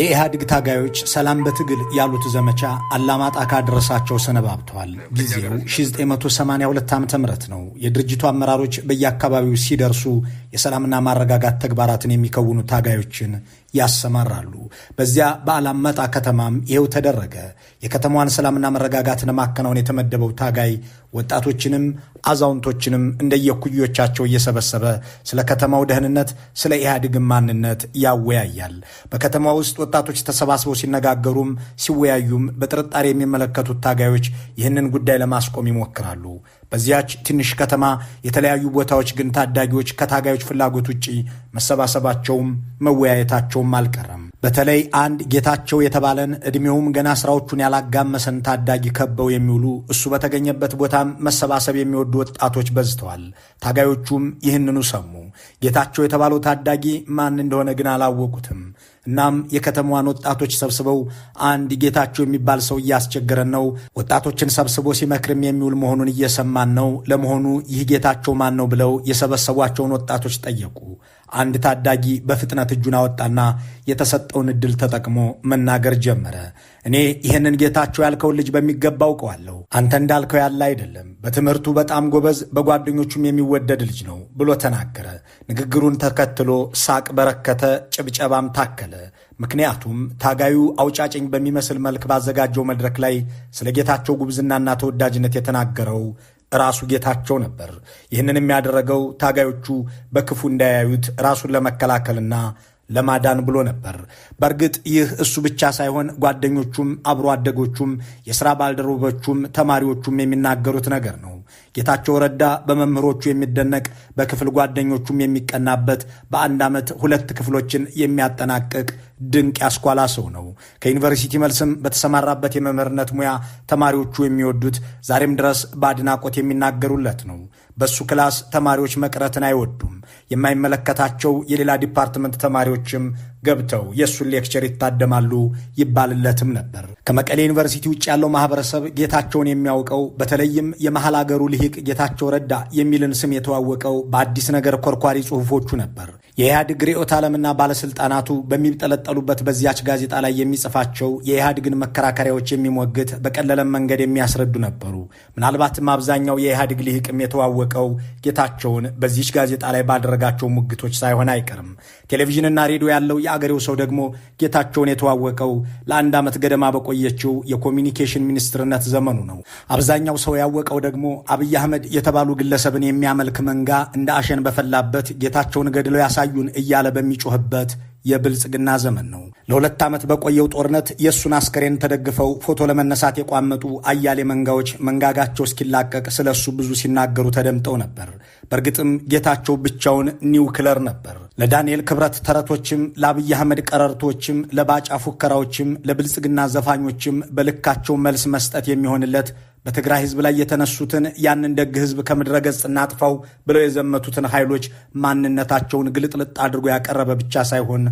የኢህአዴግ ታጋዮች ሰላም በትግል ያሉት ዘመቻ አላማጣ ካደረሳቸው ሰነባብተዋል። ጊዜው 1982 ዓ ም ነው። የድርጅቱ አመራሮች በየአካባቢው ሲደርሱ የሰላምና ማረጋጋት ተግባራትን የሚከውኑ ታጋዮችን ያሰማራሉ። በዚያ በአላመጣ ከተማም ይኸው ተደረገ። የከተማዋን ሰላምና መረጋጋት ለማከናወን የተመደበው ታጋይ ወጣቶችንም አዛውንቶችንም እንደየኩዮቻቸው እየሰበሰበ ስለ ከተማው ደህንነት፣ ስለ ኢህአዴግን ማንነት ያወያያል። በከተማ ውስጥ ወጣቶች ተሰባስበው ሲነጋገሩም ሲወያዩም በጥርጣሬ የሚመለከቱት ታጋዮች ይህንን ጉዳይ ለማስቆም ይሞክራሉ። በዚያች ትንሽ ከተማ የተለያዩ ቦታዎች ግን ታዳጊዎች ከታጋዮች ፍላጎት ውጪ መሰባሰባቸውም መወያየታቸውም አልቀረም። በተለይ አንድ ጌታቸው የተባለን ዕድሜውም ገና ስራዎቹን ያላጋመሰን ታዳጊ ከበው የሚውሉ እሱ በተገኘበት ቦታም መሰባሰብ የሚወዱ ወጣቶች በዝተዋል። ታጋዮቹም ይህንኑ ሰሙ። ጌታቸው የተባለው ታዳጊ ማን እንደሆነ ግን አላወቁትም። እናም የከተማዋን ወጣቶች ሰብስበው አንድ ጌታቸው የሚባል ሰው እያስቸገረን ነው፣ ወጣቶችን ሰብስቦ ሲመክርም የሚውል መሆኑን እየሰማን ነው። ለመሆኑ ይህ ጌታቸው ማን ነው? ብለው የሰበሰቧቸውን ወጣቶች ጠየቁ። አንድ ታዳጊ በፍጥነት እጁን አወጣና የተሰጠውን ዕድል ተጠቅሞ መናገር ጀመረ። እኔ ይህንን ጌታቸው ያልከውን ልጅ በሚገባ አውቀዋለሁ። አንተ እንዳልከው ያለ አይደለም፣ በትምህርቱ በጣም ጎበዝ፣ በጓደኞቹም የሚወደድ ልጅ ነው ብሎ ተናገረ። ንግግሩን ተከትሎ ሳቅ በረከተ፣ ጭብጨባም ታከለ። ምክንያቱም ታጋዩ አውጫጭኝ በሚመስል መልክ ባዘጋጀው መድረክ ላይ ስለ ጌታቸው ጉብዝናና ተወዳጅነት የተናገረው ራሱ ጌታቸው ነበር። ይህንን የሚያደረገው ታጋዮቹ በክፉ እንዳያዩት ራሱን ለመከላከልና ለማዳን ብሎ ነበር። በእርግጥ ይህ እሱ ብቻ ሳይሆን ጓደኞቹም፣ አብሮ አደጎቹም፣ የሥራ ባልደረቦቹም፣ ተማሪዎቹም የሚናገሩት ነገር ነው። ጌታቸው ረዳ በመምህሮቹ የሚደነቅ በክፍል ጓደኞቹም የሚቀናበት በአንድ ዓመት ሁለት ክፍሎችን የሚያጠናቅቅ ድንቅ ያስኳላ ሰው ነው። ከዩኒቨርሲቲ መልስም በተሰማራበት የመምህርነት ሙያ ተማሪዎቹ የሚወዱት ዛሬም ድረስ በአድናቆት የሚናገሩለት ነው። በሱ ክላስ ተማሪዎች መቅረትን አይወዱም። የማይመለከታቸው የሌላ ዲፓርትመንት ተማሪዎችም ገብተው የእሱን ሌክቸር ይታደማሉ ይባልለትም ነበር። ከመቀሌ ዩኒቨርሲቲ ውጭ ያለው ማህበረሰብ ጌታቸውን የሚያውቀው በተለይም የመሐል አገሩ ልሂቅ ጌታቸው ረዳ የሚልን ስም የተዋወቀው በአዲስ ነገር ኮርኳሪ ጽሑፎቹ ነበር። የኢህአዴግ ርዕዮተ ዓለምና ባለስልጣናቱ በሚጠለጠሉበት በዚያች ጋዜጣ ላይ የሚጽፋቸው የኢህአዴግን መከራከሪያዎች የሚሞግት በቀለለም መንገድ የሚያስረዱ ነበሩ። ምናልባትም አብዛኛው የኢህአዴግ ልሂቅም የተዋወቀው ጌታቸውን በዚች ጋዜጣ ላይ ባደረጋቸው ሙግቶች ሳይሆን አይቀርም። ቴሌቪዥንና ሬዲዮ ያለው የአገሬው ሰው ደግሞ ጌታቸውን የተዋወቀው ለአንድ ዓመት ገደማ በቆየችው የኮሚኒኬሽን ሚኒስትርነት ዘመኑ ነው። አብዛኛው ሰው ያወቀው ደግሞ አብይ አህመድ የተባሉ ግለሰብን የሚያመልክ መንጋ እንደ አሸን በፈላበት ጌታቸውን ገድለው ያሳዩን እያለ በሚጮህበት የብልጽግና ዘመን ነው። ለሁለት ዓመት በቆየው ጦርነት የእሱን አስከሬን ተደግፈው ፎቶ ለመነሳት የቋመጡ አያሌ መንጋዎች መንጋጋቸው እስኪላቀቅ ስለ እሱ ብዙ ሲናገሩ ተደምጠው ነበር። በእርግጥም ጌታቸው ብቻውን ኒውክለር ነበር። ለዳንኤል ክብረት ተረቶችም፣ ለአብይ አህመድ ቀረርቶችም፣ ለባጫ ፉከራዎችም፣ ለብልጽግና ዘፋኞችም በልካቸው መልስ መስጠት የሚሆንለት በትግራይ ህዝብ ላይ የተነሱትን ያንን ደግ ህዝብ ከምድረ ገጽ እናጥፋው ብለው የዘመቱትን ኃይሎች ማንነታቸውን ግልጥልጥ አድርጎ ያቀረበ ብቻ ሳይሆን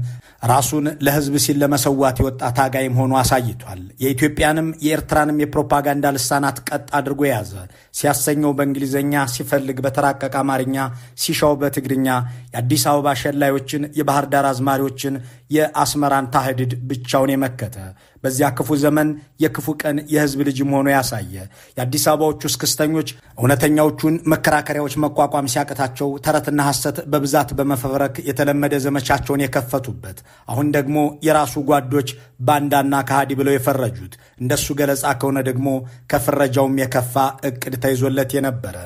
ራሱን ለህዝብ ሲል ለመሰዋት የወጣ ታጋይም ሆኖ አሳይቷል። የኢትዮጵያንም የኤርትራንም የፕሮፓጋንዳ ልሳናት ቀጥ አድርጎ የያዘ ሲያሰኘው በእንግሊዝኛ፣ ሲፈልግ በተራቀቀ አማርኛ፣ ሲሻው በትግርኛ የአዲስ አበባ ሸላዮችን፣ የባህር ዳር አዝማሪዎችን፣ የአስመራን ታህድድ ብቻውን የመከተ በዚያ ክፉ ዘመን የክፉ ቀን የህዝብ ልጅ ሆኖ ያሳየ የአዲስ አበባዎቹ እስክስተኞች እውነተኛዎቹን መከራከሪያዎች መቋቋም ሲያቅታቸው ተረትና ሐሰት በብዛት በመፈረክ የተለመደ ዘመቻቸውን የከፈቱበት አሁን ደግሞ የራሱ ጓዶች ባንዳና ከሃዲ ብለው የፈረጁት እንደሱ ገለጻ ከሆነ ደግሞ ከፍረጃውም የከፋ እቅድ ተይዞለት የነበረ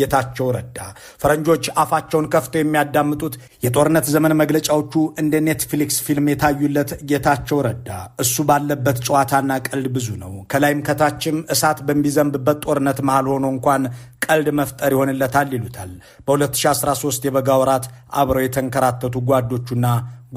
ጌታቸው ረዳ ፈረንጆች አፋቸውን ከፍተው የሚያዳምጡት የጦርነት ዘመን መግለጫዎቹ እንደ ኔትፍሊክስ ፊልም የታዩለት ጌታቸው ረዳ እሱ ባለበት ጨዋታና ቀልድ ብዙ ነው። ከላይም ከታችም እሳት በሚዘንብበት ጦርነት መሃል ሆኖ እንኳን ቀልድ መፍጠር ይሆንለታል ይሉታል። በ2013 የበጋ ወራት አብረው የተንከራተቱ ጓዶቹና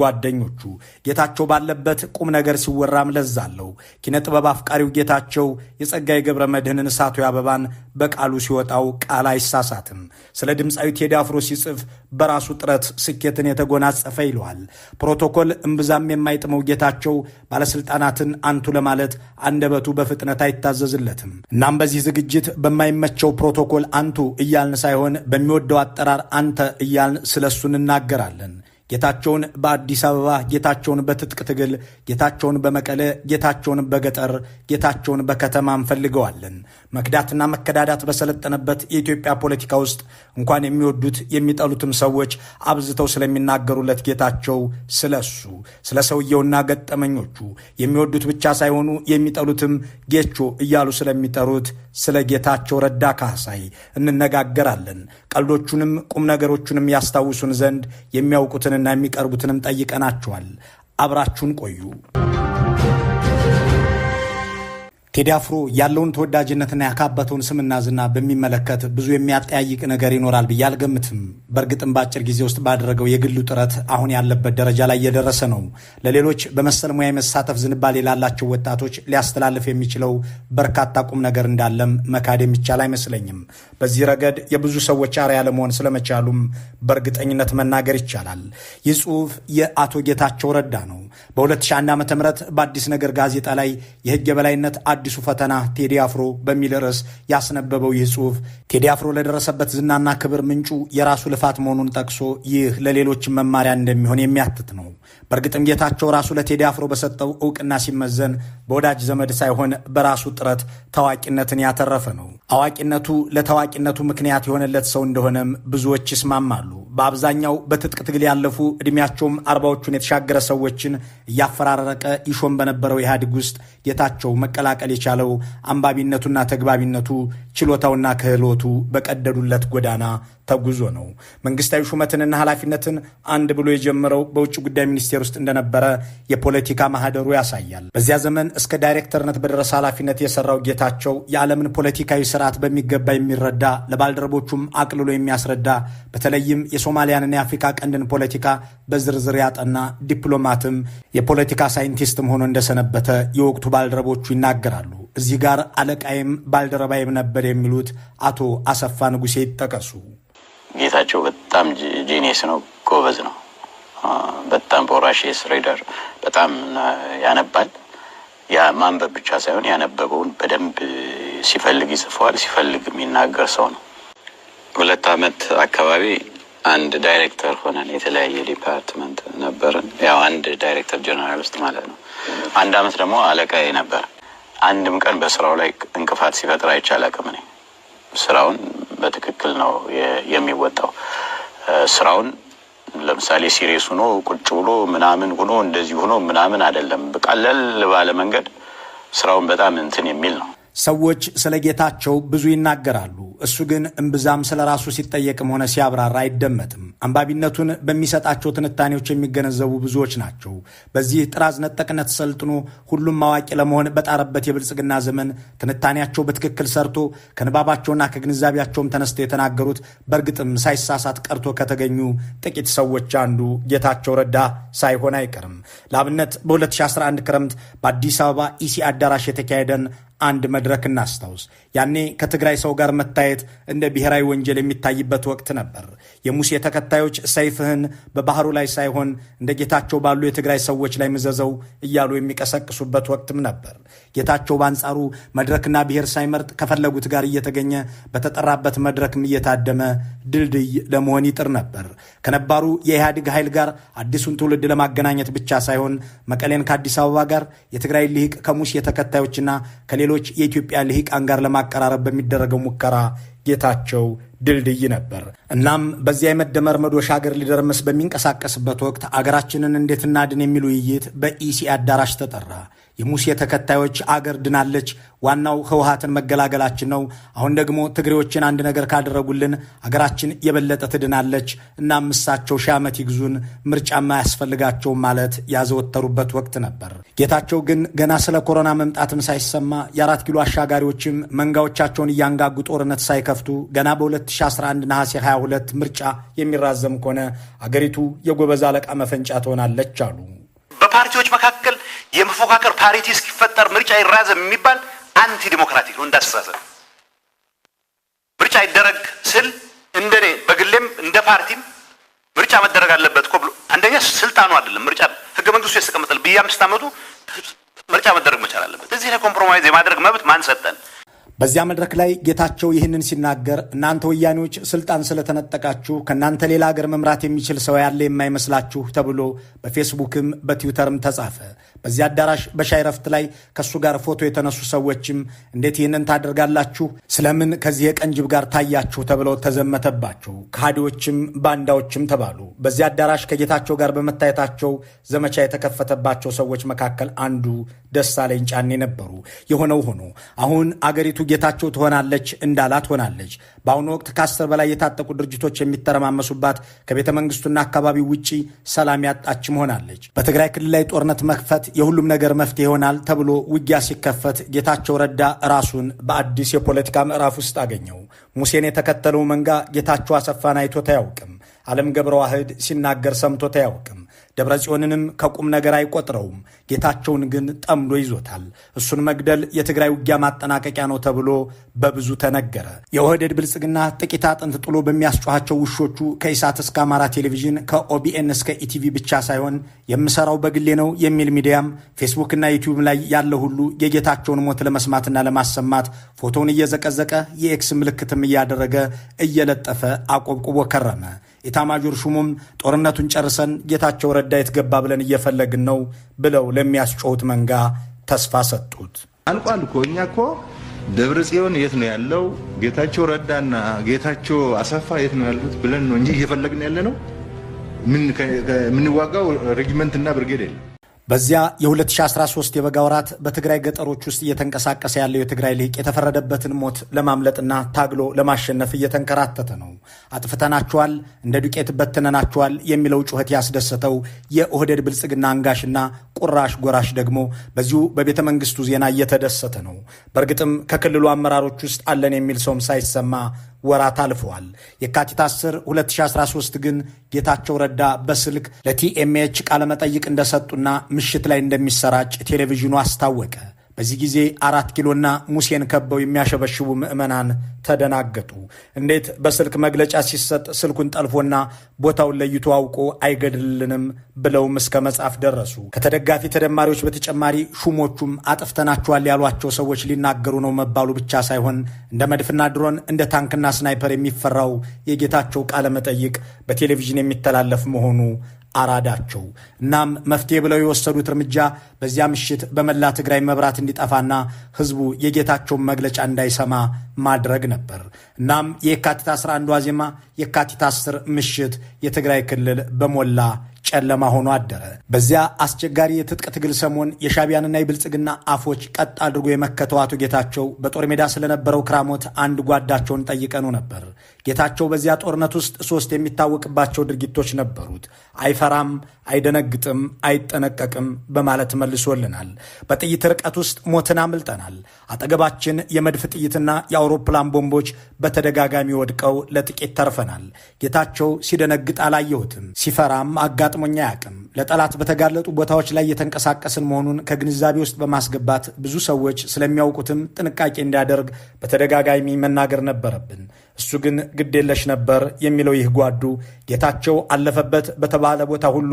ጓደኞቹ ጌታቸው ባለበት ቁም ነገር ሲወራም ለዛለው ኪነ ጥበብ አፍቃሪው ጌታቸው የጸጋዬ ገብረ መድህንን እሳቱ አበባን በቃሉ ሲወጣው ቃል አይሳሳትም። ስለ ድምፃዊ ቴዲ አፍሮ ሲጽፍ በራሱ ጥረት ስኬትን የተጎናጸፈ ይለዋል። ፕሮቶኮል እምብዛም የማይጥመው ጌታቸው ባለስልጣናትን አንቱ ለማለት አንደበቱ በፍጥነት አይታዘዝለትም። እናም በዚህ ዝግጅት በማይመቸው ፕሮቶኮል አንቱ እያልን ሳይሆን በሚወደው አጠራር አንተ እያልን ስለሱ እንናገራለን። ጌታቸውን በአዲስ አበባ፣ ጌታቸውን በትጥቅ ትግል፣ ጌታቸውን በመቀለ፣ ጌታቸውን በገጠር፣ ጌታቸውን በከተማ እንፈልገዋለን። መክዳትና መከዳዳት በሰለጠነበት የኢትዮጵያ ፖለቲካ ውስጥ እንኳን የሚወዱት የሚጠሉትም ሰዎች አብዝተው ስለሚናገሩለት ጌታቸው ስለሱ ስለ ሰውየውና ገጠመኞቹ የሚወዱት ብቻ ሳይሆኑ የሚጠሉትም ጌቾ እያሉ ስለሚጠሩት ስለ ጌታቸው ረዳ ካሳይ እንነጋገራለን። ቀልዶቹንም ቁም ነገሮቹንም ያስታውሱን ዘንድ የሚያውቁትን የሚቀርቡትንና የሚቀርቡትንም ጠይቀናቸዋል። አብራችሁን ቆዩ። ቴዲ አፍሮ ያለውን ተወዳጅነትና ያካበተውን ስምና ዝና በሚመለከት ብዙ የሚያጠያይቅ ነገር ይኖራል ብዬ አልገምትም። በእርግጥም በአጭር ጊዜ ውስጥ ባደረገው የግሉ ጥረት አሁን ያለበት ደረጃ ላይ እየደረሰ ነው። ለሌሎች በመሰል ሙያ የመሳተፍ ዝንባሌ ላላቸው ወጣቶች ሊያስተላልፍ የሚችለው በርካታ ቁም ነገር እንዳለም መካድ የሚቻል አይመስለኝም። በዚህ ረገድ የብዙ ሰዎች አርአያ ለመሆን ስለመቻሉም በእርግጠኝነት መናገር ይቻላል። ይህ ጽሁፍ የአቶ ጌታቸው ረዳ ነው። በ2001 ዓ ም በአዲስ ነገር ጋዜጣ ላይ የህግ የበላይነት አዲሱ ፈተና ቴዲ አፍሮ በሚል ርዕስ ያስነበበው ይህ ጽሁፍ ቴዲ አፍሮ ለደረሰበት ዝናና ክብር ምንጩ የራሱ ልፋት መሆኑን ጠቅሶ ይህ ለሌሎች መማሪያ እንደሚሆን የሚያትት ነው። በእርግጥም ጌታቸው ራሱ ለቴዲ አፍሮ በሰጠው እውቅና ሲመዘን በወዳጅ ዘመድ ሳይሆን በራሱ ጥረት ታዋቂነትን ያተረፈ ነው። አዋቂነቱ ለታዋቂነቱ ምክንያት የሆነለት ሰው እንደሆነም ብዙዎች ይስማማሉ። በአብዛኛው በትጥቅ ትግል ያለፉ ዕድሜያቸውም አርባዎቹን የተሻገረ ሰዎችን እያፈራረቀ ይሾም በነበረው ኢህአዴግ ውስጥ ጌታቸው መቀላቀል የቻለው አንባቢነቱና ተግባቢነቱ ችሎታውና ክህሎቱ በቀደዱለት ጎዳና ተጉዞ ነው። መንግስታዊ ሹመትንና ኃላፊነትን አንድ ብሎ የጀመረው በውጭ ጉዳይ ሚኒስቴር ውስጥ እንደነበረ የፖለቲካ ማህደሩ ያሳያል። በዚያ ዘመን እስከ ዳይሬክተርነት በደረሰ ኃላፊነት የሰራው ጌታቸው የዓለምን ፖለቲካዊ ስርዓት በሚገባ የሚረዳ ለባልደረቦቹም አቅልሎ የሚያስረዳ በተለይም የሶማሊያንና የአፍሪካ ቀንድን ፖለቲካ በዝርዝር ያጠና ዲፕሎማትም የፖለቲካ ሳይንቲስትም ሆኖ እንደሰነበተ የወቅቱ ባልደረቦቹ ይናገራሉ። እዚህ ጋር አለቃይም ባልደረባይም ነበር የሚሉት አቶ አሰፋ ንጉሴ ይጠቀሱ። ጌታቸው በጣም ጄኔስ ነው፣ ጎበዝ ነው። በጣም በራሽ ሬደር በጣም ያነባል። ያ ማንበብ ብቻ ሳይሆን ያነበበውን በደንብ ሲፈልግ ይጽፈዋል፣ ሲፈልግ የሚናገር ሰው ነው። ሁለት አመት አካባቢ አንድ ዳይሬክተር ሆነን የተለያየ ዲፓርትመንት ነበርን። ያው አንድ ዳይሬክተር ጀነራል ውስጥ ማለት ነው። አንድ አመት ደግሞ አለቃዬ ነበር። አንድም ቀን በስራው ላይ እንቅፋት ሲፈጥር አይቻል አቅም ነኝ ስራውን በትክክል ነው የሚወጣው ስራውን። ለምሳሌ ሲሬስ ሆኖ ቁጭ ብሎ ምናምን ሆኖ እንደዚህ ሆኖ ምናምን አይደለም። ቀለል ባለ መንገድ ስራውን በጣም እንትን የሚል ነው። ሰዎች ስለ ጌታቸው ብዙ ይናገራሉ። እሱ ግን እምብዛም ስለ ራሱ ሲጠየቅም ሆነ ሲያብራራ አይደመጥም። አንባቢነቱን በሚሰጣቸው ትንታኔዎች የሚገነዘቡ ብዙዎች ናቸው። በዚህ ጥራዝ ነጠቅነት ሰልጥኖ ሁሉም አዋቂ ለመሆን በጣረበት የብልጽግና ዘመን ትንታኔያቸው በትክክል ሰርቶ ከንባባቸውና ከግንዛቤያቸውም ተነስተው የተናገሩት በእርግጥም ሳይሳሳት ቀርቶ ከተገኙ ጥቂት ሰዎች አንዱ ጌታቸው ረዳ ሳይሆን አይቀርም። ለአብነት በ2011 ክረምት በአዲስ አበባ ኢሲ አዳራሽ የተካሄደን አንድ መድረክ እናስታውስ። ያኔ ከትግራይ ሰው ጋር መታየት እንደ ብሔራዊ ወንጀል የሚታይበት ወቅት ነበር። የሙሴ ተከታዮች ሰይፍህን በባህሩ ላይ ሳይሆን እንደ ጌታቸው ባሉ የትግራይ ሰዎች ላይ ምዘዘው እያሉ የሚቀሰቅሱበት ወቅትም ነበር። ጌታቸው በአንጻሩ መድረክና ብሔር ሳይመርጥ ከፈለጉት ጋር እየተገኘ በተጠራበት መድረክም እየታደመ ድልድይ ለመሆን ይጥር ነበር። ከነባሩ የኢህአዴግ ኃይል ጋር አዲሱን ትውልድ ለማገናኘት ብቻ ሳይሆን መቀሌን ከአዲስ አበባ ጋር፣ የትግራይ ልሂቅ ከሙሴ ተከታዮችና ከሌሎ ከሌሎች የኢትዮጵያ ልሂቃን ጋር ለማቀራረብ በሚደረገው ሙከራ ጌታቸው ድልድይ ነበር። እናም በዚያ የመደመር መዶሻ አገር ሊደርምስ በሚንቀሳቀስበት ወቅት አገራችንን እንዴት እናድን የሚል ውይይት በኢሲ አዳራሽ ተጠራ። የሙሴ ተከታዮች አገር ድናለች፣ ዋናው ህውሃትን መገላገላችን ነው። አሁን ደግሞ ትግሬዎችን አንድ ነገር ካደረጉልን አገራችን የበለጠ ትድናለች። እናም እሳቸው ሺህ ዓመት ይግዙን፣ ምርጫማ አያስፈልጋቸውም ማለት ያዘወተሩበት ወቅት ነበር። ጌታቸው ግን ገና ስለ ኮሮና መምጣትም ሳይሰማ የአራት ኪሎ አሻጋሪዎችም መንጋዎቻቸውን እያንጋጉ ጦርነት ሳይከፍቱ ገና በ2011 ነሐሴ 22 ምርጫ የሚራዘም ከሆነ አገሪቱ የጎበዝ አለቃ መፈንጫ ትሆናለች አሉ። በፓርቲዎች መካከል የመፎካከር ፓሪቲ እስኪፈጠር ምርጫ ይራዘም የሚባል አንቲ ዲሞክራቲክ ነው እንዳስተሳሰብ። ምርጫ ይደረግ ስል እንደኔ በግሌም እንደ ፓርቲም ምርጫ መደረግ አለበት እኮ ብሎ አንደኛ ስልጣኑ አይደለም ምርጫ ህገ መንግስቱ የተቀመጠል አምስት ዓመቱ ምርጫ መደረግ መቻል አለበት። እዚህ ላይ ኮምፕሮማይዝ የማድረግ መብት ማን ሰጠን? በዚያ መድረክ ላይ ጌታቸው ይህንን ሲናገር እናንተ ወያኔዎች ስልጣን ስለተነጠቃችሁ ከእናንተ ሌላ አገር መምራት የሚችል ሰው ያለ የማይመስላችሁ ተብሎ በፌስቡክም በትዊተርም ተጻፈ። በዚህ አዳራሽ በሻይ ረፍት ላይ ከእሱ ጋር ፎቶ የተነሱ ሰዎችም እንዴት ይህንን ታደርጋላችሁ? ስለምን ከዚህ የቀን ጅብ ጋር ታያችሁ? ተብለው ተዘመተባቸው። ከሃዲዎችም ባንዳዎችም ተባሉ። በዚህ አዳራሽ ከጌታቸው ጋር በመታየታቸው ዘመቻ የተከፈተባቸው ሰዎች መካከል አንዱ ደሳለኝ ጫኔ ነበሩ። የሆነው ሆኖ አሁን አገሪቱ ጌታቸው ትሆናለች እንዳላት ሆናለች። በአሁኑ ወቅት ከአስር በላይ የታጠቁ ድርጅቶች የሚተረማመሱባት ከቤተ መንግስቱና አካባቢው ውጪ ሰላም ያጣችም ሆናለች። በትግራይ ክልል ላይ ጦርነት መክፈት የሁሉም ነገር መፍትሄ ይሆናል ተብሎ ውጊያ ሲከፈት ጌታቸው ረዳ ራሱን በአዲስ የፖለቲካ ምዕራፍ ውስጥ አገኘው። ሙሴን የተከተለው መንጋ ጌታቸው አሰፋን አይቶት አያውቅም። ዓለም ገብረ ዋህድ ሲናገር ሰምቶት አያውቅም። ጽዮንንም ከቁም ነገር አይቆጥረውም። ጌታቸውን ግን ጠምዶ ይዞታል። እሱን መግደል የትግራይ ውጊያ ማጠናቀቂያ ነው ተብሎ በብዙ ተነገረ። የኦህዴድ ብልጽግና ጥቂት አጥንት ጥሎ በሚያስጮኋቸው ውሾቹ ከኢሳት እስከ አማራ ቴሌቪዥን፣ ከኦቢኤን እስከ ኢቲቪ ብቻ ሳይሆን የምሰራው በግሌ ነው የሚል ሚዲያም ፌስቡክና ዩቲዩብ ላይ ያለ ሁሉ የጌታቸውን ሞት ለመስማትና ለማሰማት ፎቶውን እየዘቀዘቀ የኤክስ ምልክትም እያደረገ እየለጠፈ አቆብቁቦ ከረመ። ኢታማዦር ሹሙም ጦርነቱን ጨርሰን ጌታቸው ረዳ የትገባ ብለን እየፈለግን ነው ብለው ለሚያስጮሁት መንጋ ተስፋ ሰጡት። አልቋል እኮ እኛ እኮ ደብረ ጽዮን የት ነው ያለው? ጌታቸው ረዳና ጌታቸው አሰፋ የት ነው ያሉት ብለን ነው እንጂ እየፈለግን ያለ ነው። ምንዋጋው ሬጅመንትና ብርጌድ የለም። በዚያ የ2013 የበጋ ወራት በትግራይ ገጠሮች ውስጥ እየተንቀሳቀሰ ያለው የትግራይ ልሂቅ የተፈረደበትን ሞት ለማምለጥና ታግሎ ለማሸነፍ እየተንከራተተ ነው። አጥፍተናችኋል፣ እንደ ዱቄት በትነናችኋል የሚለው ጩኸት ያስደሰተው የኦህደድ ብልጽግና አንጋሽና ቁራሽ ጎራሽ ደግሞ በዚሁ በቤተ መንግስቱ ዜና እየተደሰተ ነው። በእርግጥም ከክልሉ አመራሮች ውስጥ አለን የሚል ሰውም ሳይሰማ ወራት አልፈዋል። የካቲት 10 2013 ግን ጌታቸው ረዳ በስልክ ለቲኤምኤች ቃለመጠይቅ እንደሰጡና ምሽት ላይ እንደሚሰራጭ ቴሌቪዥኑ አስታወቀ። በዚህ ጊዜ አራት ኪሎና ሙሴን ከበው የሚያሸበሽቡ ምዕመናን ተደናገጡ። እንዴት በስልክ መግለጫ ሲሰጥ ስልኩን ጠልፎና ቦታውን ለይቶ አውቆ አይገድልንም ብለውም እስከ መጻፍ ደረሱ። ከተደጋፊ ተደማሪዎች በተጨማሪ ሹሞቹም አጥፍተናቸዋል ያሏቸው ሰዎች ሊናገሩ ነው መባሉ ብቻ ሳይሆን እንደ መድፍና ድሮን እንደ ታንክና ስናይፐር የሚፈራው የጌታቸው ቃለ መጠይቅ በቴሌቪዥን የሚተላለፍ መሆኑ አራዳቸው። እናም መፍትሄ ብለው የወሰዱት እርምጃ በዚያ ምሽት በመላ ትግራይ መብራት እንዲጠፋና ህዝቡ የጌታቸውን መግለጫ እንዳይሰማ ማድረግ ነበር። እናም የካቲት 11 ዋዜማ የካቲት 10 ምሽት የትግራይ ክልል በሞላ ጨለማ ሆኖ አደረ። በዚያ አስቸጋሪ የትጥቅ ትግል ሰሞን የሻቢያንና የብልጽግና አፎች ቀጥ አድርጎ የመከተው አቶ ጌታቸው በጦር ሜዳ ስለነበረው ክራሞት አንድ ጓዳቸውን ጠይቀኑ ነበር። ጌታቸው በዚያ ጦርነት ውስጥ ሶስት የሚታወቅባቸው ድርጊቶች ነበሩት። አይፈራም፣ አይደነግጥም፣ አይጠነቀቅም በማለት መልሶልናል። በጥይት ርቀት ውስጥ ሞትን አምልጠናል። አጠገባችን የመድፍ ጥይትና የአውሮፕላን ቦምቦች በተደጋጋሚ ወድቀው ለጥቂት ተርፈናል። ጌታቸው ሲደነግጥ አላየሁትም፣ ሲፈራም አጋ ገጥሞኛ አያውቅም። ለጠላት በተጋለጡ ቦታዎች ላይ የተንቀሳቀስን መሆኑን ከግንዛቤ ውስጥ በማስገባት ብዙ ሰዎች ስለሚያውቁትም ጥንቃቄ እንዲያደርግ በተደጋጋሚ መናገር ነበረብን። እሱ ግን ግዴለሽ ነበር የሚለው ይህ ጓዱ ጌታቸው አለፈበት በተባለ ቦታ ሁሉ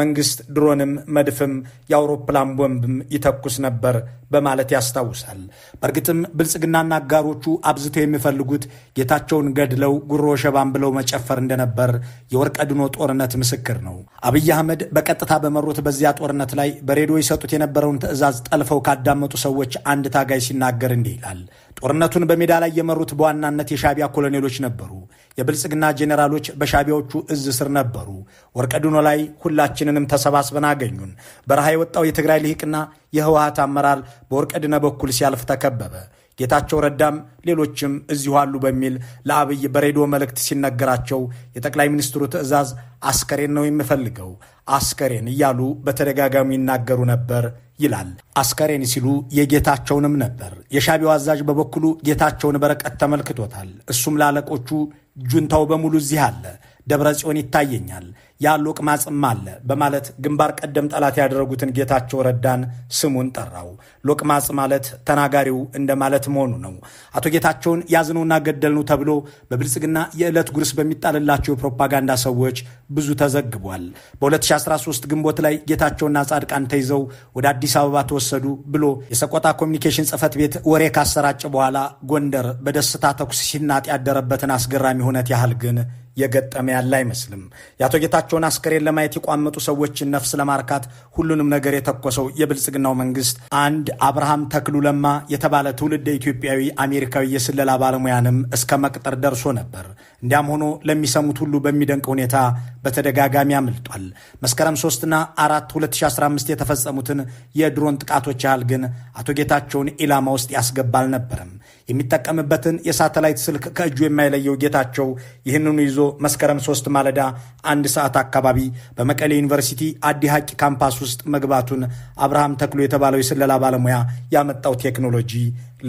መንግስት ድሮንም መድፍም የአውሮፕላን ቦምብም ይተኩስ ነበር በማለት ያስታውሳል። በእርግጥም ብልጽግናና አጋሮቹ አብዝተው የሚፈልጉት ጌታቸውን ገድለው ጉሮ ሸባን ብለው መጨፈር እንደነበር የወርቀ ድኖ ጦርነት ምስክር ነው። አብይ አህመድ በቀጥታ በመሩት በዚያ ጦርነት ላይ በሬዲዮ ይሰጡት የነበረውን ትዕዛዝ ጠልፈው ካዳመጡ ሰዎች አንድ ታጋይ ሲናገር እንዲህ ይላል። ጦርነቱን በሜዳ ላይ የመሩት በዋናነት የሻቢያ ኮሎኔሎች ነበሩ። የብልጽግና ጄኔራሎች በሻቢያዎቹ እዝ ስር ነበሩ። ወርቀዱኖ ላይ ሁላችንንም ተሰባስበን አገኙን። በረሃ የወጣው የትግራይ ልሂቅና የህወሀት አመራር በወርቀድነ በኩል ሲያልፍ ተከበበ። ጌታቸው ረዳም ሌሎችም እዚሁ አሉ በሚል ለአብይ በሬዲዮ መልእክት ሲነገራቸው የጠቅላይ ሚኒስትሩ ትዕዛዝ አስከሬን ነው የምፈልገው አስከሬን እያሉ በተደጋጋሚ ይናገሩ ነበር ይላል። አስከሬን ሲሉ የጌታቸውንም ነበር። የሻቢያው አዛዥ በበኩሉ ጌታቸውን በርቀት ተመልክቶታል። እሱም ላለቆቹ ጁንታው በሙሉ እዚህ አለ ደብረ ጽዮን ይታየኛል ያሉ ሎቅማጽም አለ በማለት ግንባር ቀደም ጠላት ያደረጉትን ጌታቸው ረዳን ስሙን ጠራው። ሎቅማጽ ማለት ተናጋሪው እንደማለት መሆኑ ነው። አቶ ጌታቸውን ያዝነውና ገደልነው ተብሎ በብልጽግና የዕለት ጉርስ በሚጣልላቸው የፕሮፓጋንዳ ሰዎች ብዙ ተዘግቧል። በ2013 ግንቦት ላይ ጌታቸውና ጻድቃን ተይዘው ወደ አዲስ አበባ ተወሰዱ ብሎ የሰቆጣ ኮሚኒኬሽን ጽህፈት ቤት ወሬ ካሰራጭ በኋላ ጎንደር በደስታ ተኩስ ሲናጥ ያደረበትን አስገራሚ ሁነት ያህል ግን የገጠመ ያለ አይመስልም። የአቶ ጌታቸውን አስከሬን ለማየት የቋመጡ ሰዎችን ነፍስ ለማርካት ሁሉንም ነገር የተኮሰው የብልጽግናው መንግስት አንድ አብርሃም ተክሉ ለማ የተባለ ትውልድ ኢትዮጵያዊ አሜሪካዊ የስለላ ባለሙያንም እስከ መቅጠር ደርሶ ነበር። እንዲያም ሆኖ ለሚሰሙት ሁሉ በሚደንቅ ሁኔታ በተደጋጋሚ አምልጧል። መስከረም 3ና 4 2015 የተፈጸሙትን የድሮን ጥቃቶች ያህል ግን አቶ ጌታቸውን ኢላማ ውስጥ ያስገባ አልነበረም። የሚጠቀምበትን የሳተላይት ስልክ ከእጁ የማይለየው ጌታቸው ይህንኑ ይዞ መስከረም ሶስት ማለዳ አንድ ሰዓት አካባቢ በመቀሌ ዩኒቨርሲቲ አዲ ሐቂ ካምፓስ ውስጥ መግባቱን አብርሃም ተክሎ የተባለው የስለላ ባለሙያ ያመጣው ቴክኖሎጂ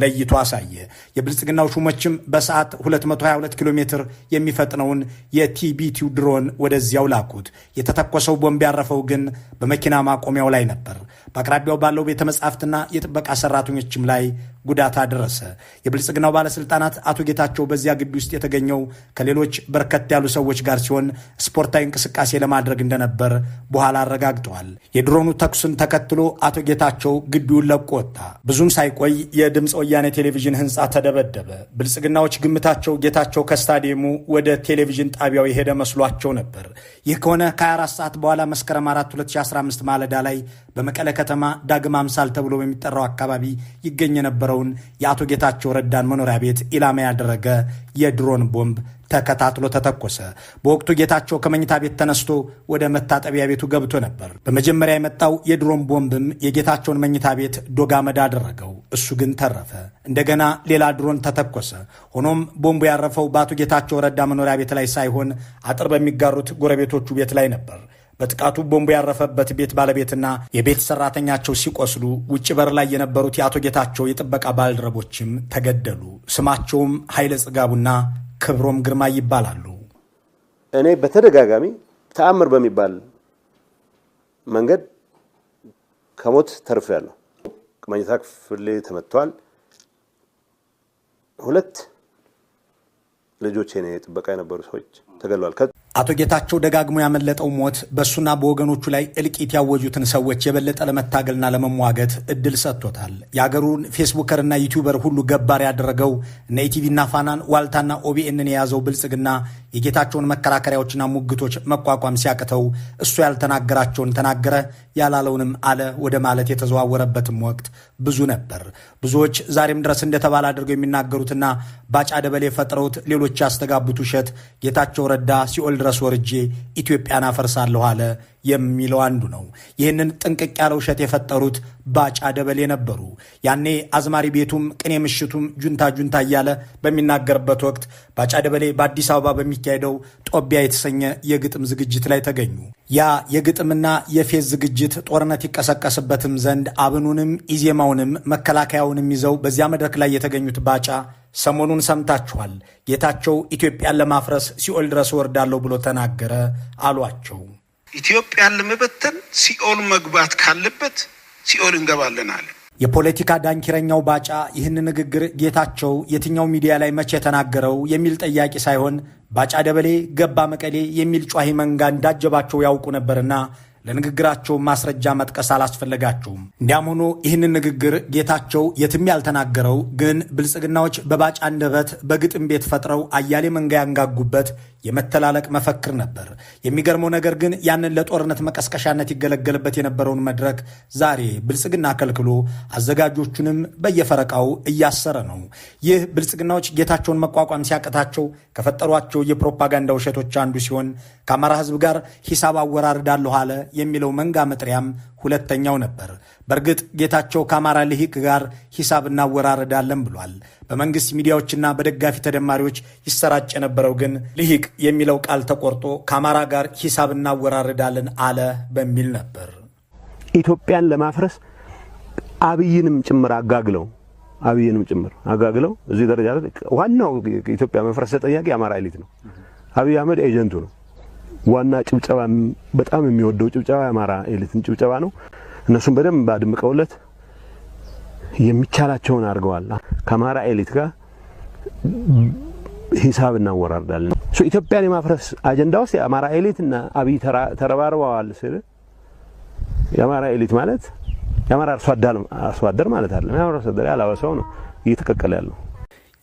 ለይቶ አሳየ። የብልጽግናው ሹሞችም በሰዓት 222 ኪሎ ሜትር የሚፈጥነውን የቲቢቲው ድሮን ወደዚያው ላኩት። የተተኮሰው ቦምብ ያረፈው ግን በመኪና ማቆሚያው ላይ ነበር። በአቅራቢያው ባለው ቤተ መጻሕፍትና የጥበቃ ሰራተኞችም ላይ ጉዳት አደረሰ። የብልጽግናው ባለስልጣናት አቶ ጌታቸው በዚያ ግቢ ውስጥ የተገኘው ከሌሎች በርከት ያሉ ሰዎች ጋር ሲሆን ስፖርታዊ እንቅስቃሴ ለማድረግ እንደነበር በኋላ አረጋግጠዋል። የድሮኑ ተኩስን ተከትሎ አቶ ጌታቸው ግቢውን ለቆ ወጣ። ብዙም ሳይቆይ የድምፅ ወያኔ ቴሌቪዥን ህንፃ ተደበደበ። ብልጽግናዎች ግምታቸው ጌታቸው ከስታዲየሙ ወደ ቴሌቪዥን ጣቢያው የሄደ መስሏቸው ነበር። ይህ ከሆነ ከ24 ሰዓት በኋላ መስከረም 4 2015 ማለዳ ላይ በመቀለ ከተማ ዳግም አምሳል ተብሎ በሚጠራው አካባቢ ይገኝ የነበረውን የአቶ ጌታቸው ረዳን መኖሪያ ቤት ኢላማ ያደረገ የድሮን ቦምብ ተከታትሎ ተተኮሰ። በወቅቱ ጌታቸው ከመኝታ ቤት ተነስቶ ወደ መታጠቢያ ቤቱ ገብቶ ነበር። በመጀመሪያ የመጣው የድሮን ቦምብም የጌታቸውን መኝታ ቤት ዶጋመድ አደረገው። እሱ ግን ተረፈ። እንደገና ሌላ ድሮን ተተኮሰ። ሆኖም ቦምቡ ያረፈው በአቶ ጌታቸው ረዳ መኖሪያ ቤት ላይ ሳይሆን አጥር በሚጋሩት ጎረቤቶቹ ቤት ላይ ነበር። በጥቃቱ ቦምቡ ያረፈበት ቤት ባለቤትና የቤት ሰራተኛቸው ሲቆስሉ ውጭ በር ላይ የነበሩት የአቶ ጌታቸው የጥበቃ ባልደረቦችም ተገደሉ። ስማቸውም ኃይለ ጽጋቡና ክብሮም ግርማ ይባላሉ። እኔ በተደጋጋሚ ተአምር በሚባል መንገድ ከሞት ተርፌያለሁ። መኝታ ክፍሌ ተመትተዋል። ሁለት ልጆቼ ጥበቃ የነበሩ ሰዎች ተገለዋል። አቶ ጌታቸው ደጋግሞ ያመለጠው ሞት በእሱና በወገኖቹ ላይ እልቂት ያወጁትን ሰዎች የበለጠ ለመታገልና ለመሟገት እድል ሰጥቶታል። የአገሩን ፌስቡከርና ዩቲዩበር ሁሉ ገባር ያደረገው እነ ኢቲቪና ፋናን ዋልታና ኦቢኤንን የያዘው ብልጽግና የጌታቸውን መከራከሪያዎችና ሙግቶች መቋቋም ሲያቅተው እሱ ያልተናገራቸውን ተናገረ፣ ያላለውንም አለ ወደ ማለት የተዘዋወረበትም ወቅት ብዙ ነበር። ብዙዎች ዛሬም ድረስ እንደተባለ አድርገው የሚናገሩትና ባጫ ደበሌ ፈጥረውት ሌሎች ያስተጋቡት ውሸት ጌታቸው ረዳ ሲኦል ድረስ ወርጄ ኢትዮጵያን አፈርሳለሁ አለ የሚለው አንዱ ነው። ይህንን ጥንቅቅ ያለ ውሸት የፈጠሩት ባጫ ደበሌ ነበሩ። ያኔ አዝማሪ ቤቱም ቅኔ ምሽቱም ጁንታ ጁንታ እያለ በሚናገርበት ወቅት ባጫ ደበሌ በአዲስ አበባ በሚካሄደው ጦቢያ የተሰኘ የግጥም ዝግጅት ላይ ተገኙ። ያ የግጥምና የፌዝ ዝግጅት ጦርነት ይቀሰቀስበትም ዘንድ አብኑንም ኢዜማውንም መከላከያውንም ይዘው በዚያ መድረክ ላይ የተገኙት ባጫ ሰሞኑን ሰምታችኋል። ጌታቸው ኢትዮጵያን ለማፍረስ ሲኦል ድረስ ወርዳለሁ ብሎ ተናገረ አሏቸው። ኢትዮጵያን ለመበተን ሲኦል መግባት ካለበት ሲኦል እንገባለን አለ። የፖለቲካ ዳንኪረኛው ባጫ ይህን ንግግር ጌታቸው የትኛው ሚዲያ ላይ መቼ ተናገረው የሚል ጠያቂ ሳይሆን ባጫ ደበሌ ገባ መቀሌ የሚል ጯሂ መንጋ እንዳጀባቸው ያውቁ ነበርና ለንግግራቸው ማስረጃ መጥቀስ አላስፈለጋቸውም። እንዲያም ሆኖ ይህንን ንግግር ጌታቸው የትም ያልተናገረው ግን ብልጽግናዎች በባጭ አንደበት በግጥም ቤት ፈጥረው አያሌ መንጋ ያንጋጉበት የመተላለቅ መፈክር ነበር። የሚገርመው ነገር ግን ያንን ለጦርነት መቀስቀሻነት ይገለገልበት የነበረውን መድረክ ዛሬ ብልጽግና ከልክሎ አዘጋጆቹንም በየፈረቃው እያሰረ ነው። ይህ ብልጽግናዎች ጌታቸውን መቋቋም ሲያቅታቸው ከፈጠሯቸው የፕሮፓጋንዳ ውሸቶች አንዱ ሲሆን ከአማራ ሕዝብ ጋር ሂሳብ አወራርዳለሁ አለ የሚለው መንጋ መጥሪያም ሁለተኛው ነበር። በእርግጥ ጌታቸው ከአማራ ልሂቅ ጋር ሂሳብ እናወራረዳለን ብሏል። በመንግስት ሚዲያዎችና በደጋፊ ተደማሪዎች ይሰራጭ የነበረው ግን ልሂቅ የሚለው ቃል ተቆርጦ ከአማራ ጋር ሂሳብ እናወራረዳለን አለ በሚል ነበር። ኢትዮጵያን ለማፍረስ አብይንም ጭምር አጋግለው አብይንም ጭምር አጋግለው እዚህ ደረጃ ዋናው ኢትዮጵያ መፍረስ ተጠያቂ አማራ ኤሊት ነው። አብይ አህመድ ኤጀንቱ ነው። ዋና ጭብጨባ በጣም የሚወደው ጭብጨባ የአማራ ኤሊትን ጭብጨባ ነው። እነሱም በደንብ አድምቀውለት የሚቻላቸውን አድርገዋል። ከአማራ ኤሊት ጋር ሂሳብ እናወራርዳለን። ኢትዮጵያን የማፍረስ አጀንዳ ውስጥ የአማራ ኤሊትና አብይ ተረባርበዋል ስል የአማራ ኤሊት ማለት የአማራ አርሶ አደር ማለት አይደለም። የአማራ አርሶ አደር ያላበሰው ነው እየተቀቀለ ያለው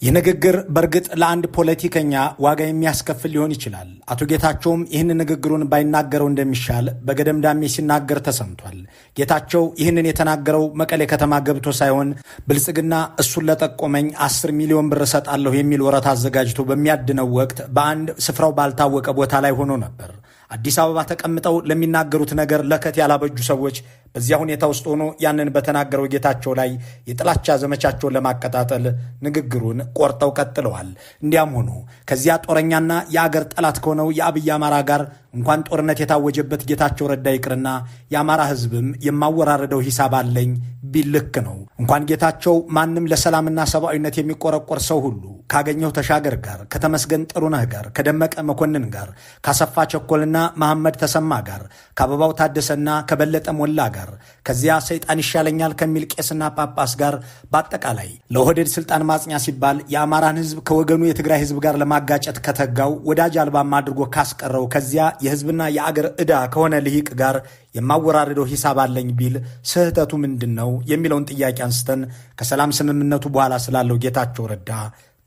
ይህ ንግግር በእርግጥ ለአንድ ፖለቲከኛ ዋጋ የሚያስከፍል ሊሆን ይችላል። አቶ ጌታቸውም ይህን ንግግሩን ባይናገረው እንደሚሻል በገደምዳሜ ሲናገር ተሰምቷል። ጌታቸው ይህንን የተናገረው መቀሌ ከተማ ገብቶ ሳይሆን ብልጽግና እሱን ለጠቆመኝ አስር ሚሊዮን ብር እሰጣለሁ የሚል ወረት አዘጋጅቶ በሚያድነው ወቅት በአንድ ስፍራው ባልታወቀ ቦታ ላይ ሆኖ ነበር። አዲስ አበባ ተቀምጠው ለሚናገሩት ነገር ለከት ያላበጁ ሰዎች በዚያ ሁኔታ ውስጥ ሆኖ ያንን በተናገረው ጌታቸው ላይ የጥላቻ ዘመቻቸውን ለማቀጣጠል ንግግሩን ቆርጠው ቀጥለዋል። እንዲያም ሆኖ ከዚያ ጦረኛና የአገር ጠላት ከሆነው የአብይ አማራ ጋር እንኳን ጦርነት የታወጀበት ጌታቸው ረዳ ይቅርና የአማራ ሕዝብም የማወራረደው ሂሳብ አለኝ ቢልክ ነው። እንኳን ጌታቸው ማንም ለሰላምና ሰብአዊነት የሚቆረቆር ሰው ሁሉ ካገኘው ተሻገር ጋር፣ ከተመስገን ጥሩነህ ጋር፣ ከደመቀ መኮንን ጋር፣ ካሰፋ ቸኮልና መሐመድ ተሰማ ጋር፣ ከአበባው ታደሰና ከበለጠ ሞላ ጋር ጋር ከዚያ ሰይጣን ይሻለኛል ከሚል ቄስና ጳጳስ ጋር በአጠቃላይ ለኦህዴድ ስልጣን ማጽኛ ሲባል የአማራን ህዝብ ከወገኑ የትግራይ ህዝብ ጋር ለማጋጨት ከተጋው ወዳጅ አልባም አድርጎ ካስቀረው ከዚያ የህዝብና የአገር ዕዳ ከሆነ ልሂቅ ጋር የማወራረደው ሂሳብ አለኝ ቢል ስህተቱ ምንድን ነው የሚለውን ጥያቄ አንስተን ከሰላም ስምምነቱ በኋላ ስላለው ጌታቸው ረዳ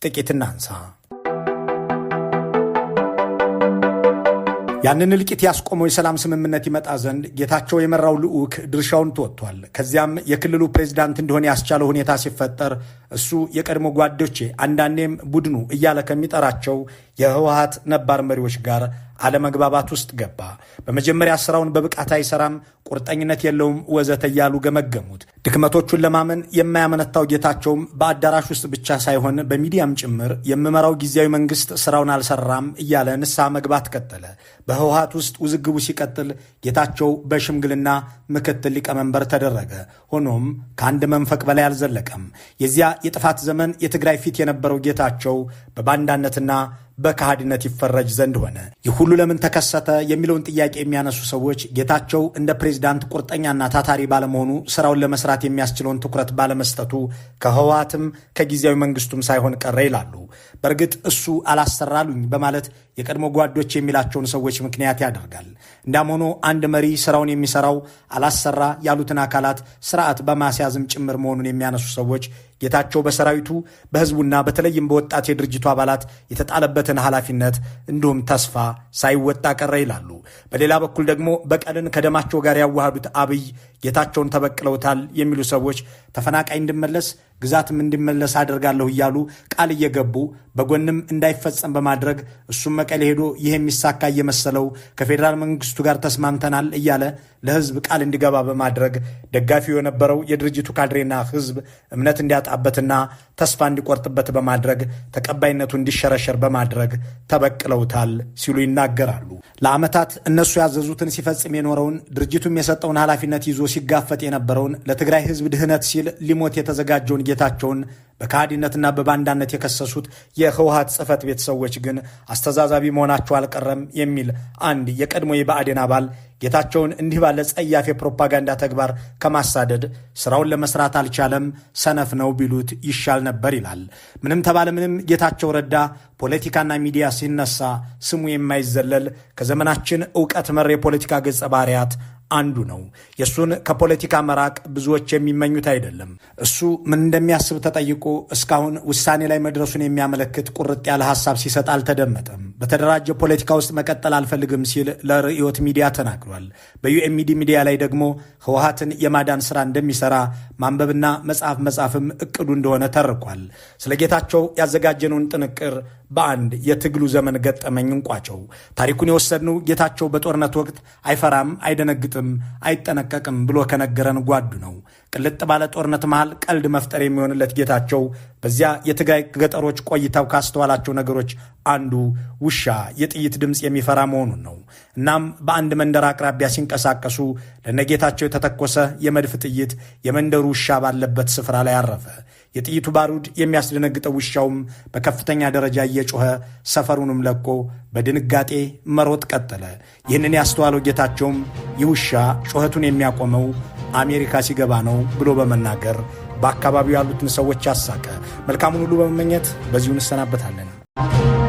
ጥቂት እናንሳ። ያንን እልቂት ያስቆመው የሰላም ስምምነት ይመጣ ዘንድ ጌታቸው የመራው ልዑክ ድርሻውን ተወጥቷል። ከዚያም የክልሉ ፕሬዚዳንት እንደሆነ ያስቻለው ሁኔታ ሲፈጠር እሱ የቀድሞ ጓዶቼ አንዳንዴም ቡድኑ እያለ ከሚጠራቸው የህወሀት ነባር መሪዎች ጋር አለመግባባት ውስጥ ገባ። በመጀመሪያ ስራውን በብቃት አይሰራም፣ ቁርጠኝነት የለውም፣ ወዘተ እያሉ ገመገሙት። ድክመቶቹን ለማመን የማያመነታው ጌታቸውም በአዳራሽ ውስጥ ብቻ ሳይሆን በሚዲያም ጭምር የምመራው ጊዜያዊ መንግስት ስራውን አልሰራም እያለ ንስሐ መግባት ቀጠለ። በህወሀት ውስጥ ውዝግቡ ሲቀጥል ጌታቸው በሽምግልና ምክትል ሊቀመንበር ተደረገ። ሆኖም ከአንድ መንፈቅ በላይ አልዘለቀም። የዚያ የጥፋት ዘመን የትግራይ ፊት የነበረው ጌታቸው በባንዳነትና በካህድነት ይፈረጅ ዘንድ ሆነ። ይህ ሁሉ ለምን ተከሰተ የሚለውን ጥያቄ የሚያነሱ ሰዎች ጌታቸው እንደ ፕሬዚዳንት ቁርጠኛና ታታሪ ባለመሆኑ ስራውን ለመስራት የሚያስችለውን ትኩረት ባለመስጠቱ ከህወሓትም ከጊዜያዊ መንግስቱም ሳይሆን ቀረ ይላሉ። በእርግጥ እሱ አላሰራሉኝ በማለት የቀድሞ ጓዶች የሚላቸውን ሰዎች ምክንያት ያደርጋል። እንዳም ሆኖ አንድ መሪ ስራውን የሚሰራው አላሰራ ያሉትን አካላት ስርዓት በማስያዝም ጭምር መሆኑን የሚያነሱ ሰዎች ጌታቸው በሰራዊቱ በህዝቡና በተለይም በወጣት የድርጅቱ አባላት የተጣለበትን ኃላፊነት እንዲሁም ተስፋ ሳይወጣ ቀረ ይላሉ። በሌላ በኩል ደግሞ በቀልን ከደማቸው ጋር ያዋሃዱት አብይ ጌታቸውን ተበቅለውታል የሚሉ ሰዎች ተፈናቃይ እንድመለስ ግዛትም እንዲመለስ አደርጋለሁ እያሉ ቃል እየገቡ በጎንም እንዳይፈጸም በማድረግ እሱም መቀሌ ሄዶ ይህ የሚሳካ እየመሰለው ከፌዴራል መንግስቱ ጋር ተስማምተናል እያለ ለህዝብ ቃል እንዲገባ በማድረግ ደጋፊው የነበረው የድርጅቱ ካድሬና ህዝብ እምነት እንዲያጣበትና ተስፋ እንዲቆርጥበት በማድረግ ተቀባይነቱ እንዲሸረሸር በማድረግ ተበቅለውታል ሲሉ ይናገራሉ። ለዓመታት እነሱ ያዘዙትን ሲፈጽም የኖረውን ድርጅቱም የሰጠውን ኃላፊነት ይዞ ሲጋፈጥ የነበረውን ለትግራይ ህዝብ ድህነት ሲል ሊሞት የተዘጋጀውን ጌታቸውን በካዲነትና በባንዳነት የከሰሱት የህወሀት ጽህፈት ቤት ሰዎች ግን አስተዛዛቢ መሆናቸው አልቀረም የሚል አንድ የቀድሞ የብአዴን አባል ጌታቸውን እንዲህ ባለ ጸያፍ የፕሮፓጋንዳ ተግባር ከማሳደድ ስራውን ለመስራት አልቻለም፣ ሰነፍ ነው ቢሉት ይሻል ነበር ይላል። ምንም ተባለ ምንም ጌታቸው ረዳ ፖለቲካና ሚዲያ ሲነሳ ስሙ የማይዘለል ከዘመናችን እውቀት መር የፖለቲካ ገጸ ባህርያት አንዱ ነው። የእሱን ከፖለቲካ መራቅ ብዙዎች የሚመኙት አይደለም። እሱ ምን እንደሚያስብ ተጠይቆ እስካሁን ውሳኔ ላይ መድረሱን የሚያመለክት ቁርጥ ያለ ሀሳብ ሲሰጥ አልተደመጠም። በተደራጀ ፖለቲካ ውስጥ መቀጠል አልፈልግም ሲል ለርዕዮት ሚዲያ ተናግሯል። ተናግሯል። በዩኤምዲ ሚዲያ ላይ ደግሞ ህወሀትን የማዳን ስራ እንደሚሰራ ማንበብና መጽሐፍ መጻፍም እቅዱ እንደሆነ ተርኳል። ስለ ጌታቸው ያዘጋጀነውን ጥንቅር በአንድ የትግሉ ዘመን ገጠመኝ እንቋቸው። ታሪኩን የወሰድነው ጌታቸው በጦርነት ወቅት አይፈራም፣ አይደነግጥም፣ አይጠነቀቅም ብሎ ከነገረን ጓዱ ነው። ቅልጥ ባለ ጦርነት መሃል ቀልድ መፍጠር የሚሆንለት ጌታቸው በዚያ የትግራይ ገጠሮች ቆይታው ካስተዋላቸው ነገሮች አንዱ ውሻ የጥይት ድምፅ የሚፈራ መሆኑን ነው። እናም በአንድ መንደር አቅራቢያ ሲንቀሳቀሱ ለነጌታቸው የተተኮሰ የመድፍ ጥይት የመንደሩ ውሻ ባለበት ስፍራ ላይ አረፈ። የጥይቱ ባሩድ የሚያስደነግጠው ውሻውም በከፍተኛ ደረጃ እየጮኸ ሰፈሩንም ለቆ በድንጋጤ መሮጥ ቀጠለ። ይህንን ያስተዋለው ጌታቸውም ይህ ውሻ ጩኸቱን የሚያቆመው አሜሪካ ሲገባ ነው ብሎ በመናገር በአካባቢው ያሉትን ሰዎች አሳቀ። መልካሙን ሁሉ በመመኘት በዚሁ እንሰናበታለን።